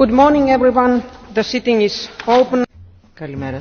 Good morning everyone. The sitting is open. Καλημέρα